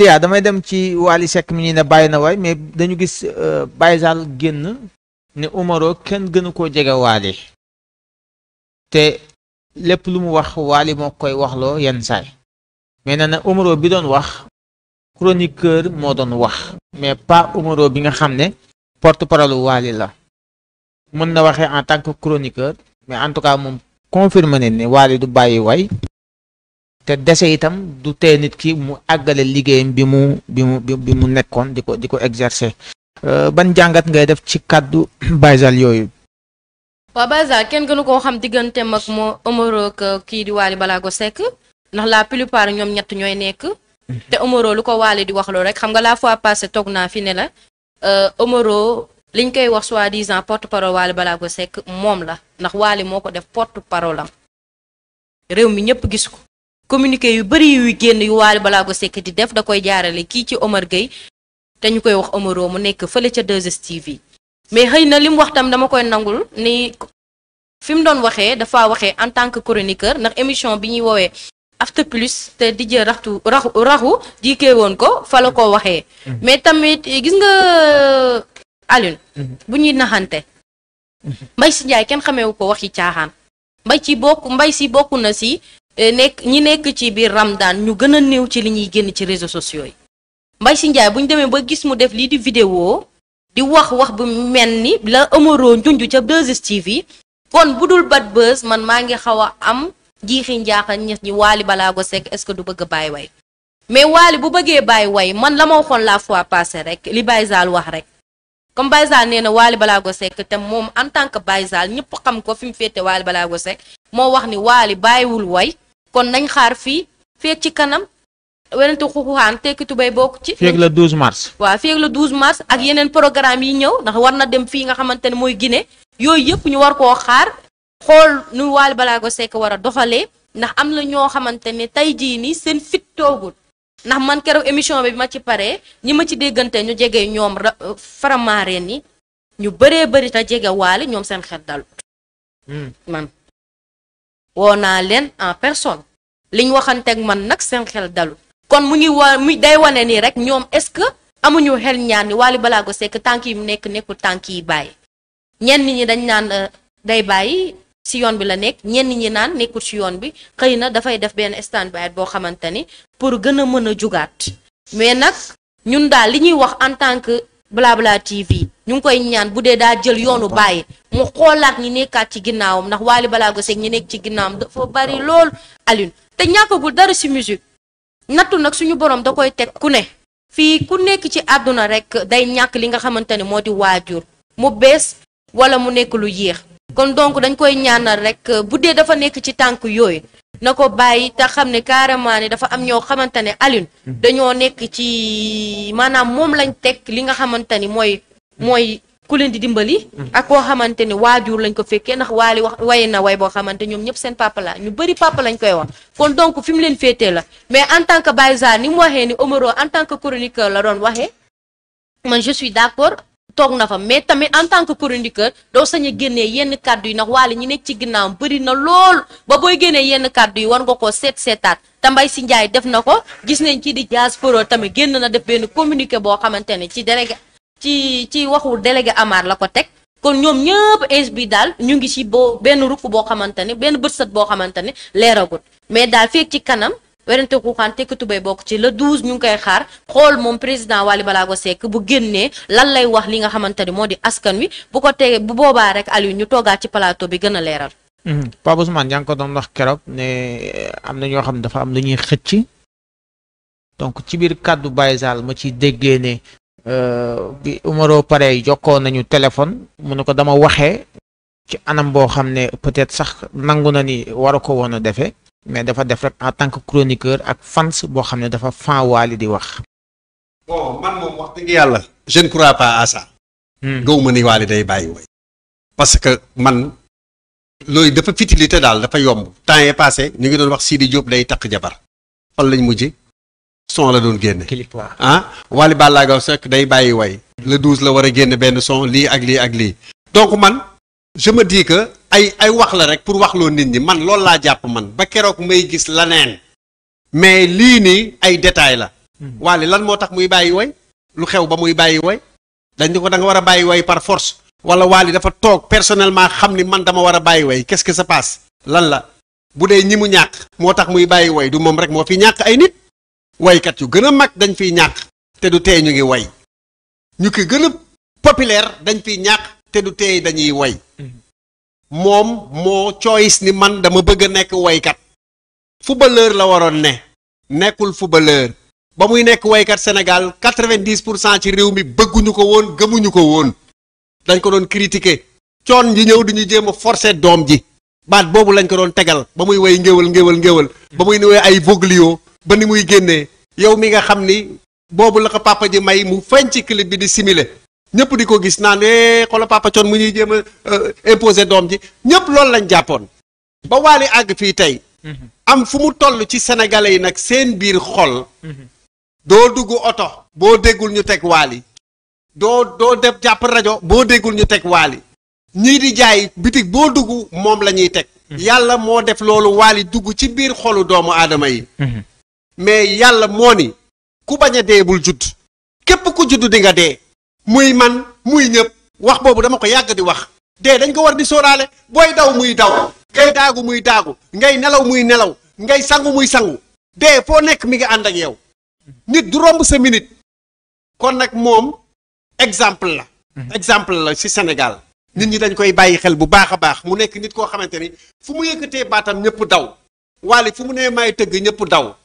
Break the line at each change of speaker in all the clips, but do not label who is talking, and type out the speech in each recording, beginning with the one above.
Elia damay dem ci Wally Seck mi nii na bàyyi na waay mais dañu gis euh, Baye génn ne Omaro kenn gënu koo jege Wally te lépp lu mu wax Wally moo koy waxloo yenn saay mais nee na Omaro bi doon wax chroniqueur moo doon wax mais pas Omaro bi nga xam ne porte-parole Wally la mën na waxee en tant que chroniqueur mais en tout cas moom confirmé ne ne Wally du bàyyi way te dese itam du tee nit ki mu àggale liggéeyam bi mu bi mu bi mu nekkoon di ko di ko exercer euh, ban jàngat ngay def ci kàddu baysal yooyu
waaw baysal kenn gënu ko xam diggante ak moo Omaro euh, kii di Waly ko sekk ndax la plupart ñoom ñett ñooy nekk mhm. te Omaro lu ko Waly di wax loolu rek xam nga la fois passée toog naa fi ne la euh, Omaro liñ koy wax di disant porte parole balaa Balago sekk moom la ndax Waly moo ko def porte parole am réew mi ñëpp gis communiqué yu bëri yuy génn yu waal balaa ko sekk di def da koy jaarale kii ci Omar Gueye te ñu koy wax Omaro mu nekk fële ca 2STV yi mais xëy na li mu wax tam dama koy nangul ni fi mu doon waxee dafa waxee en tant que chroniqueur ndax émission bi ñuy woowee after plus te di jël raxtu raxu raxu woon ko fa la ko waxee mm-hmm. mais tamit gis nga euh, Alioune mm-hmm. bu ñuy naxante mm-hmm. Mbaye si Ndiaye kenn xameewu ko waxi caaxaan mbay ci bokk mbay si bokk na si Eh, nekk ñi nekk ci biir Ramadan ñu gën a néew ci li ñuy génn ci réseau sociaux yi Mbaye Sy Ndiaye bu ñu demee ba gis mu def lii di vidéo di wax wax bu mel ni la ëmëroo njunj ca 2STV yi kon bu dul bad buzz man maa ngi xaw a am jiixi njaaxal ñes ñi waali balaa go sekk est que du bëgg a bàyyi way mais waali bu bëggee bàyyi way man la ma waxoon la fois passée rek li Baye Zal wax rek comme Baye Zal nee na waali balaa go sekk te moom en tant que Baye Zal ñëpp xam ko fi mu féete waali balaa go sekk moo wax ni waali bàyyiwul way kon nañ xaar fii feek ci kanam werante xuxuxaan tekki tubéy bokk ci. feeg la 12 mars. waa feeg la 12 mars ak yeneen programme yi ñëw ndax war na dem fii nga xamante ne mooy Guinée yooyu yëpp ñu war koo xaar xool nu Wally Ballago Seck war a doxalee ndax am na ñoo xamante ne tey jii nii seen fit toogul ndax man keroog émission bi ma ci paree ñi ma ci déggantee ñu jege ñoom faramaareen yi ñu bëree bëri te jege waale ñoom seen xel dal hmm. man woo naa leen en personne liñ waxanteeg man nag seen xel dalu kon mu ngi wa mu day wane nii rek ñoom est-ce que amuñu xel ñaar ni Wally Ballago Seck tànk yi mu nekk nekkul tànk yi bàyyi ñenn ñi dañ naan euh, day bàyyi ci yoon bi la nekk ñenn ñi naan nekkul ci yoon bi xëy na dafay def benn stand boo xamante ni pour gën a mën a jugaat mais nag ñun daal li ñuy wax en tant que Blabla TV ñu ngi koy ñaan bu dee daa jël yoonu bàyyi mu xoolaat ñi nekkaat ci ginnaawam ndax Wally Ballago Seck ñi nekk ci ginnaawam dafa bari lool Alioune te ñàkkagul dara si musique nattu nag suñu borom da koy teg ku ne fii ku nekk ci àdduna rek day ñàkk li nga xamante ne moo di waajur mu bees wala mu nekk lu yéex kon donc dañ koy ñaanal rek bu dee dafa nekk ci tànk yooyu na ko bàyyi te xam ne carrément ne dafa am ñoo xamante ne Alioune hmm. dañoo nekk ci maanaam moom lañ teg li nga xamante ni mooy mooy ku leen di dimbali. ak koo xamante ne waajur lañ ko fekkee nax waali wax waye na way boo xamante ñoom ñëpp seen papa la ñu bëri papa lañ koy wax kon donc fi mu leen féetee la mais en tant que Baye Zale ni mu waxee ni Omaro en tant que chroniqueur la doon waxee man je suis d'accord toog na fa mais tamit en tant que chroniqueur doo sañ a génnee yenn kàddu yi ndax waale ñi nekk ci ginnaawam bëri na lool ba booy génnee yenn kàddu yi war nga koo seet seetaat te Mbaye Sy Ndiaye def na ko gis nañ ci di Dias Foro tamit génn na def benn communiqué boo xamante ne ci délégué ci ci waxu délégué amaar la ko teg kon ñoom ñëpp ins bi daal ñu ngi ci boo benn rukk boo xamante ne benn bëtsat boo xamante ne leeragul mais daal feek ci kanam werante xuuxaan tekk tubéy bokk ci le 12 ñu ngi koy xaar xool moom président balaa Ballago Seck bu génnee lan lay wax li nga xamante ni moo di askan wi bu ko tegee bu boobaa rek Aliou ñu toogaat ci plateau bi gën a leeral.
Hmm. Pape Ousmane yaa ngi ko doon wax keroog ne eh, am na ñoo xam ne dafa am lu ñuy xëcc donc ci biir kàddu Baye Sall ma ci déggee bi euh, Umaro pare jokkoo nañu téléphone mu ne ko dama waxee ci anam boo xam ne peut-être sax nangu na ni waru ko woon a defe mais dafa def rek en tant que chroniqueur ak fans boo xam ne dafa fan waali di wax.
bon man moom wax dëgg yàlla. je ne pas à ça. Hmm. gaw ma ni waali day bàyyi way parce que man loolu dafa futilité daal dafa yomb temps yii passé ñu ngi doon wax Sidi Diop day takk jabar fan lañu mujj son la doon génne ah Wally Ballago Seck day bàyyi way le douze la war a génne benn son lii ak lii ak lii donc man je me dis ay ay wax la rek pour wax loo nit ñi man lool laa jàpp man ba keroog may gis laneen mais lii nii ay détails la hmm. Wally lan moo tax muy bàyyi way lu xew ba muy bàyyi way dañ ko da nga war a bàyyi woy par force wala Wally dafa toog personnellement xam ni man dama war a bàyyi way quest que ça passe lan la bu dee ñi mu ñàkk moo tax muy bàyyi way du moom rek moo fi ñàkk ay nit waykat yu gën a mag dañ fiy ñàkk te du tey ñu ngi way ñu ki gën a populaire dañ fiy ñàkk te du tey dañuy woy moom moo choice ni man dama bëgg a nekk waykat footballeur la waroon ne nekkul footballeur ba muy nekk waykat Sénégal quatre pour cent ci réew mi bëgguñu ko woon gëmuñu ko woon dañ ko doon critiquer coon ji ñëw duñu jéem a forcer doom ji baat boobu lañ ko doon tegal ba muy way ngéwal ngéwal ngéwal ba muy way ay voglio ba ni muy génnee yow mi nga xam ni boobu la ko papa ji may mu feñ ci clip bi di simuler ñëpp di ko gis naan eh xolo papa coon mu ñuy jéem a euh, doom ji ñëpp loolu lañ jàppoon ba waali àgg fii tey. Mhm. am fu mu toll ci sénégalais yi nag seen biir xol. Mhm. doo dugg oto boo déggul ñu teg waali doo def jàpp rajo boo déggul ñu teg waali ñii di jaay bitig boo dugg moom la ñuy teg. Mhm. yàlla moo def loolu waali dugg ci biir xolu doomu aadama yi. mais yàlla moo ni ku bañ a dee bul judd képp ku judd di nga dee muy man muy ñëpp wax boobu dama ko yàgg di wax dee dañ ko war di sóoraale booy daw muy daw ngay daagu muy daagu ngay nelaw muy nelaw ngay sangu muy sangu dee foo nekk mi ngi ànd ak yow nit du romb sa minute kon nag moom exemple la mhm. exemple la ci senegal nit ñi dañ koy bàyyi xel bu baax a baax mu nekk nit koo xamante ni fu mu yëkkatee baatam ñëpp daw waale fu mu nee may tëgg ñëpp daw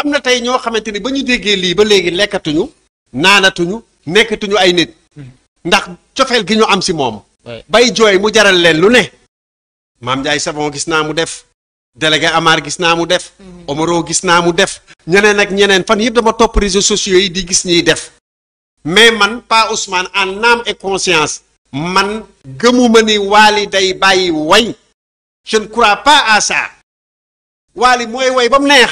am na tey ñoo xamante ni ba ñu déggee lii ba léegi lekkatuñu naanatuñu nekkatuñu ay nit ndax cofeel gi ñu am si moom bay jooy mu jaral leen lu ne maam Ndiaye Savon gis naa mu def délégué Amar gis naa mu def mm-hmm. Omaro gis naa mu def ñeneen ak ñeneen fan yëpp dama topp réseaux sociaux yi di gis ñiy def mais man Pa Ousmane en naam et conscience man gëmuma ni waali day bàyyi way je ne crois pas à ça waali mooy way ba mu neex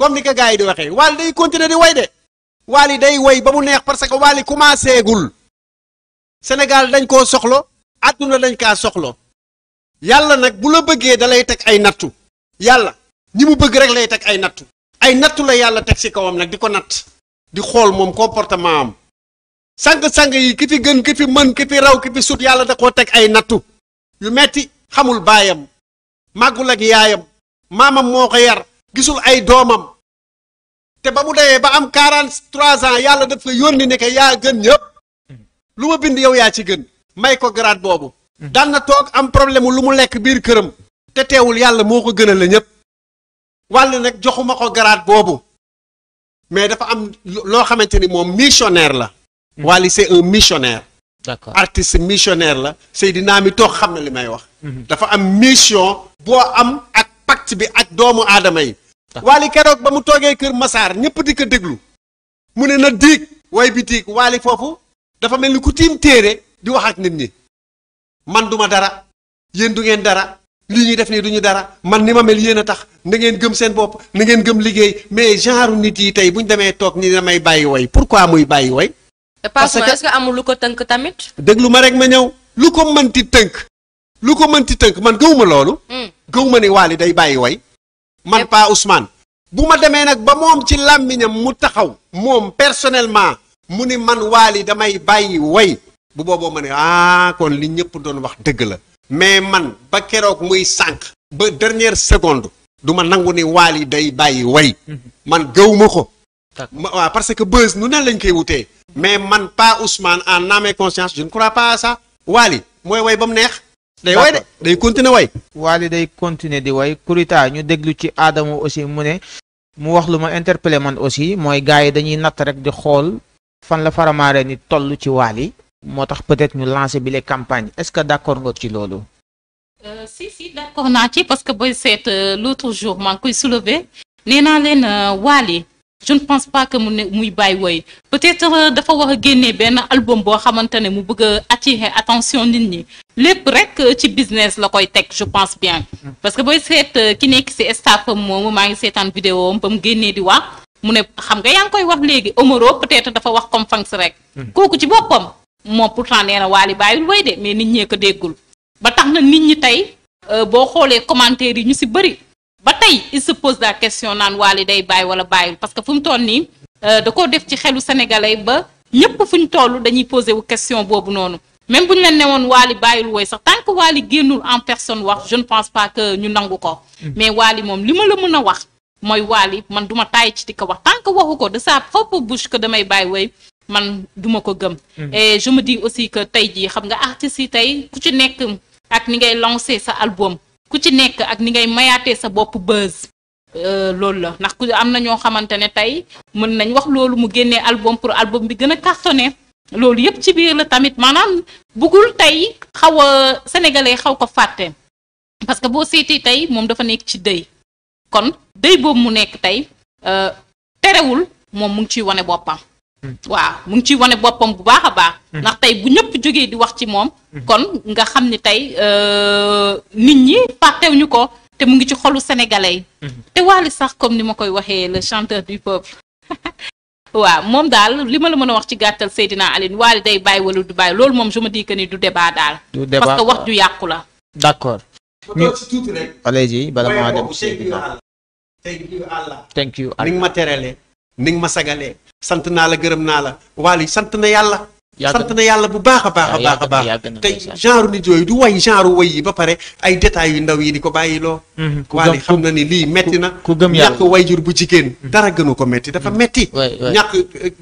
comme ni ko gars yi di waxee waali day kontine di way de yi day way ba mu neex parce que waali commencé gul dañ koo soxlo àdduna dañ kaa soxlo yàlla nag bu la bëggee dalay teg ay nattu yàlla ñi mu bëgg rek lay teg ay nattu ay nattu la yàlla teg ci kawam nag di ko natt di xool moom comportement am sang-sang yi ki fi gën ki fi mën ki fi raw ki fi sut yàlla da koo teg ay nattu yu metti xamul baayam màggul ak yaayam maamam moo ko yar gisul ay doomam te ba mu dayee ba am quarante trois ans yàlla def ko yónni ne que yaa gën ñëpp lu ma bind yow yaa ci gën may ko grade boobu daan na toog am problème lu mu lekk biir këram te teewul yàlla moo ko gënal la ñëpp wàll nag joxuma ko grade boobu mais dafa am loo xamante ni moom missionnaire la hmm. Wally c'est un missionnaire d'accord artiste missionnaire la Seydina mi toog xam na li may wax hmm. dafa am mission boo am ak pacte bi ak doomu aadama yi waali keroog ba mu toogee kër masaar ñëpp di ko déglu mu ne na diig woy bi diig waali foofu dafa mel ni ku tiim téere di wax ak nit ñi man duma dara yéen du ngeen dara lii ñuy def nii duñu dara man ni ma mel yéen a tax na ngeen gëm seen bopp na ngeen gëm liggéey mais genre nit yi tey bu ñu demee toog ni damay bàyyi woy ko muy bàyyi woy parce que est-ce
amul lu ko tënk tamit
déglu ma rek ma ñëw lu ko mënti tënk lu ko mënti tënk man gëwuma loolu. Hmm. gëwuma ni Wally day bàyyi woy man pa Ousmane. bu ma demee nag ba moom ci làmmiñam mu taxaw. moom personnellement mu ni man Wally damay bàyyi woy bu booboo ma ne ah kon li ñëpp doon wax dëgg la. mais man ba keroog muy sànq. ba dernière seconde. du ma nangu ni Wally day bàyyi woy mhm. man gëwuma ko. waaw parce que buzz nu ne lañ koy wutee. mais man pa Ousmane en âme et conscience je ne crois pas à ça. Wally mooy woy ba mu neex. day way de
day continuer way Wally day continuer di way Kurita ñu déglu ci Adamo aussi mu ne mu wax lu ma interpellé man aussi mooy gars yi dañuy natt rek di xool fan la faramaare ni toll ci Wally moo tax peut-être ñu lancer bile campagne campagnes est-ce que d'accord nga ci loolu
Euh, si si d'accord naa ci parce que booy seet euh, l'autre jour maa ngi koy soulever nee naa leen euh, Wally je ne pense pas que mu ne muy bàyyi wooy peut-être euh, dafa war a génnee benn album boo xamante ne mu bëgg a attirer attention nit ñi lépp rek euh, ci business la koy teg je pense bien. parce que booy seet euh, ki nekk si staff am moomu maa ngi seetaan vidéo ba mu génnee di wax mu ne xam nga yaa ngi koy wax léegi Omaro peut-être dafa wax comme Fanks rek. Hmm. kooku ci boppam moom pourtant nee na Wally bàyyil woy de mais nit ñee ko déggul ba tax na nit ñi tey boo xoolee commentaire yi ñu si bëri. tey il se pose la question naan Wally day bàyyi wala bàyyul parce que fu mu toll nii euh, da koo def ci xelu sénégalais ba ñëpp fu ñu toll dañuy posé wu question boobu noonu même bu ñu leen ne woon Wally bàyyil wooy sax tant que Wally génnul en personne wax je ne pense pas que ñu nangu ko. Mm. mais Wally moom li ma la mën a wax mooy Wally man duma tàyyi ci di wax tant que waxu ko de sa propre bouche que damay bàyyi woy man duma ko gëm. Mm. et je me dis aussi que tey jii xam nga artistes yi tey ku ci nekk ak ni ngay lancer sa album. ku ci nekk ak ni ngay mayaatee sa bopp buzz. Euh, loolu la ndax ku am na ñoo xamante ne tey mën nañ wax loolu mu génnee album pour album bi gën a cartonné loolu yëpp ci biir la tamit maanaam bëggul tey xaw a sénégalais xaw ko fàtte parce que boo seetee tey moom dafa nekk ci dëy kon dëy boobu mu nekk tey euh, terewul moom mu ngi ciy wane boppam. Hmm. waaw mu ciy wane boppam bu baax a baax ndax tey bu ñëpp jógee di wax ci moom kon nga xam ni tey euh, nit ñi fàttew ñu ko te mu ngi ci xolu sénégalais te Wally sax comme ni ma koy waxee la chanteur du peuple waaw moom daal li ma la mën a wax ci gàttal Seydina Aline Wally day bàyyi wala du bàyyi loolu moom je me dis ni du débat daal parce que wax du yàqu la
d'accord
ñu tuuti rek allez-y bala maa dem ni nga ma ni nga sagalee sant naa la gërëm naa la Wally sant na yàlla sant na yàlla bu baax a baax a baax a baax te genre nit yooyu du way genre way yi ba pare ay détails yu ndaw yi di ko bàyyiloo mhm, waali xam na ni lii metti na ku gëm yàlla ñàkk wayjur bu jigéen mhm. dara gënu ko metti dafa mhm. metti ñàkk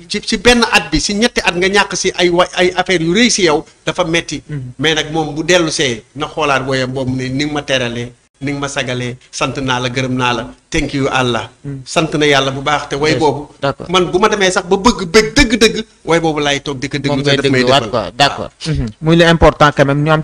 ci ci benn at bi si ñetti at nga ñàkk si ay way ay affaires yu rëy si yow dafa metti mais nag moom bu dellu see na xoolaat woyam boobu ne ni nga ma teralee ni nga ma sagalee sant naa la gërëm naa la thank you Allah. sant na yàlla bu baax te woy boobu. man bu ma demee sax ba bëgg dëgg-dëgg. way boobu laay toog di ko déglu te daf may defal
mhm. muy lu important quand même ñu am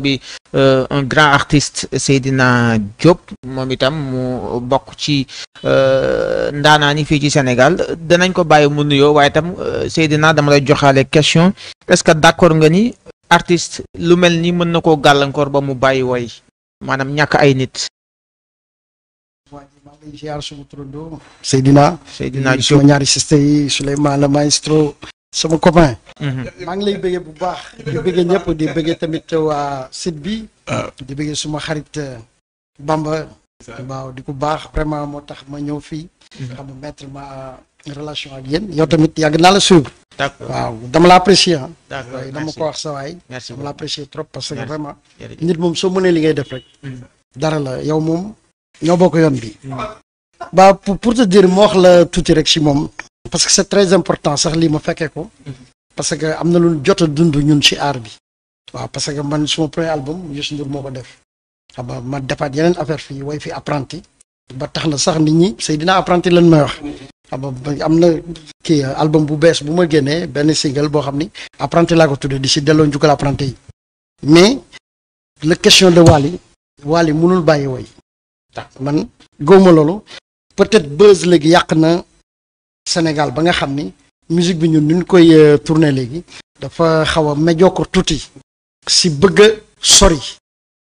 bi euh, un grand artiste Seydina Diop moom itam mu bokk ci euh, ndaanaan yi fii ci Sénégal danañ ko bàyyi mu nuyoo waaye itam euh, Seydina dama lay joxaale question est-ce que d'accord nga ni artiste lu mel ni mën na koo gàllankoor ba mu bàyyi woy maanaam ñàkk ay nit.
Seydina Seydina Diop suma ñaari siste yi Souleymane le maestro sama copain mhm. maa ngi lay bëggee bu baax di bëggee ñëpp di bëggee tamit waa site bi ah. di bëggee suma xarit euh, Bamba di ko baax vraiment moo tax ma ñëw fii mhm. xam nga mettre ma relation ak yéen yow tamit yàgg naa la suivre. d'accord waaw dama la apprécier ah. d'accord merci dama ko wax sa waay. merci dama la apprécier trop parce que vraiment. nit moom soo mënee li ngay def rek. Mm. dara la yow moom ñoo bokk yoon bi. Mm. ba pour te dire ma wax la tuuti rek si moom. parce que c'est très important sax lii ma fekkee ko. Mm. parce que am na lu jot a dund ñun ci aar bi. waaw parce que man suma premier album Youssou Ndour moo ko def. xam ma defaat yeneen affaire fii way fi apprenti. ba tax na sax nit ñi Seydina apprenti lan may Ah, am na kii euh, album bu bees bu ma génnee benn single boo xam ni apprenti laa ko tuddee di si delloo njukkal apprenti yi mais la question de Wally Wally mënul bàyyi woy man góoma loolu peut-être buzz léegi yàq na Sénégal ba nga xam ni musique bi ñu ni ñu koy euh, tourner léegi dafa xaw a médiocre tuuti si bëgg sori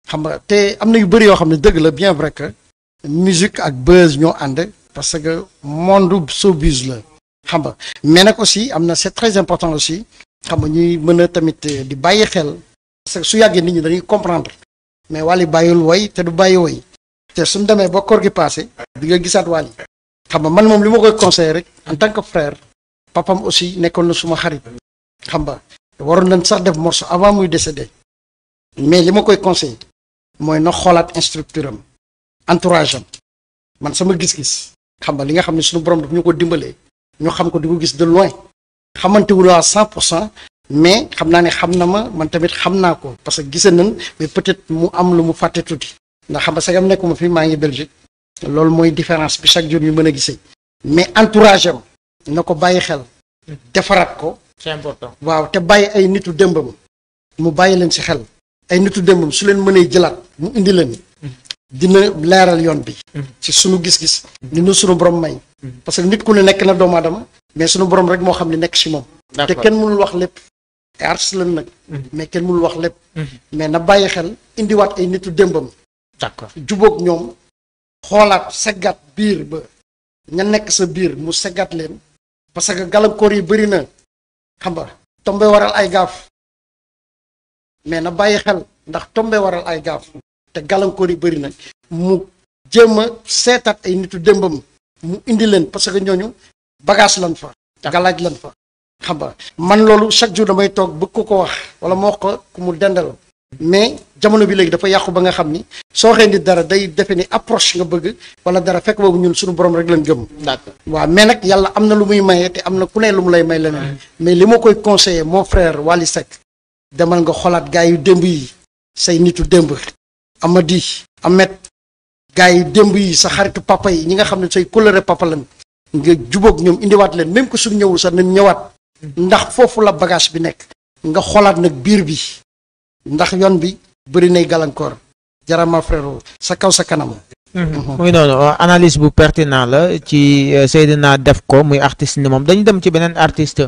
xam nga te am na yu bëri yoo xam ne dëgg la bien vrai que musique ak buzz ñoo ànd parce que monde showbiz la xam nga mais nag aussi am na c'est très important aussi xam nga ñuy mën a tamit eh, di bàyyi xel parce su yàggee nit ñi dañuy comprendre mais Wally bàyyul woy te du bàyyi woy te suñu demee ba koor gi passé bi nga gisaat Wally xam nga man moom li ma koy conseillé rek en tant que frère papam aussi nekkoon na suma xarit xam nga waroon nañ sax def morceau avant muy décédé mais li ma koy conseil mooy na xoolaat instructeur am entourage sama gis-gis xam nga li nga xam ne suñu borom daf ñu ko dimbalee ñu xam ko di ko gis de loin xamante wu la cent pour cent mais xam naa ne xam na ma man tamit xam naa ko parce que gisee nañ mais peut-être mu am lu mu fàtte tuuti ndax xam nga sagam nekkuma fi maa ngi Belgique loolu mooy différence bi chaque jour ñu mën a gisee mais entourage am na ko bàyyi xel defaraat ko. c'est important waaw te bàyyi ay nitu dëmbam mu bàyyi leen si xel ay nitu dëmbam su leen mënee jëlaat mu indi leen. dina leeral yoon bi. ci sunu gis-gis. ni nu sunu borom may. parce que nit ku ne nekk na doomu aadama. mais sunu borom rek moo xam ne nekk si moom. te kenn mënul wax lépp. ay artiste lan nag. Mhm. mais kenn mënul wax lépp. Mhm. mais na bàyyi xel indiwaat ay nitu démbam. d'accord jubóog ñoom xoolaat seggat biir ba ña nekk sa biir mu seggat leen. parce que galakoor yi bari na xam nga tombe waral ay gaaf mais na bàyyi xel ndax tombe waral ay gaaf te gàllankoor yi bëri na mu jéem a seetaat ay nitu démbam mu indi leen parce que ñooñu bagage lan fa galaaj lan fa xam nga man loolu chaque jour damay toog bëgg ko ko wax wala ma wax ko ku mu dendal mais jamono bi léegi dafa yàqu ba nga xam ni soo waxee nit dara day defe ni approche nga bëgg wala dara fekk boobu ñun suñu borom rek lañ gëm. d'accord waaw mais nag yàlla am na lu muy maye te am na ku ne lu mu lay may leneen. mais li ma koy conseiller mon frère Wally Seck demal nga xolaat gaa yu démb yi say nitu démb Amady Ahmed gars yi démb yi sa xaritu papa yi ñi nga xam ne say coloré papa lan nga jubóog ñoom indiwaat leen même ko su ñëwul sa nañ ñëwaat ndax foofu la bagage bi nekk nga xoolaat nag biir bi ndax yoon bi bëri nay gàllankoor jarama frérot sa kaw sa kanam.
muy mhm. noonu analyse bu pertinent la ci euh, naa def ko muy artiste ni moom dañu dem ci beneen artist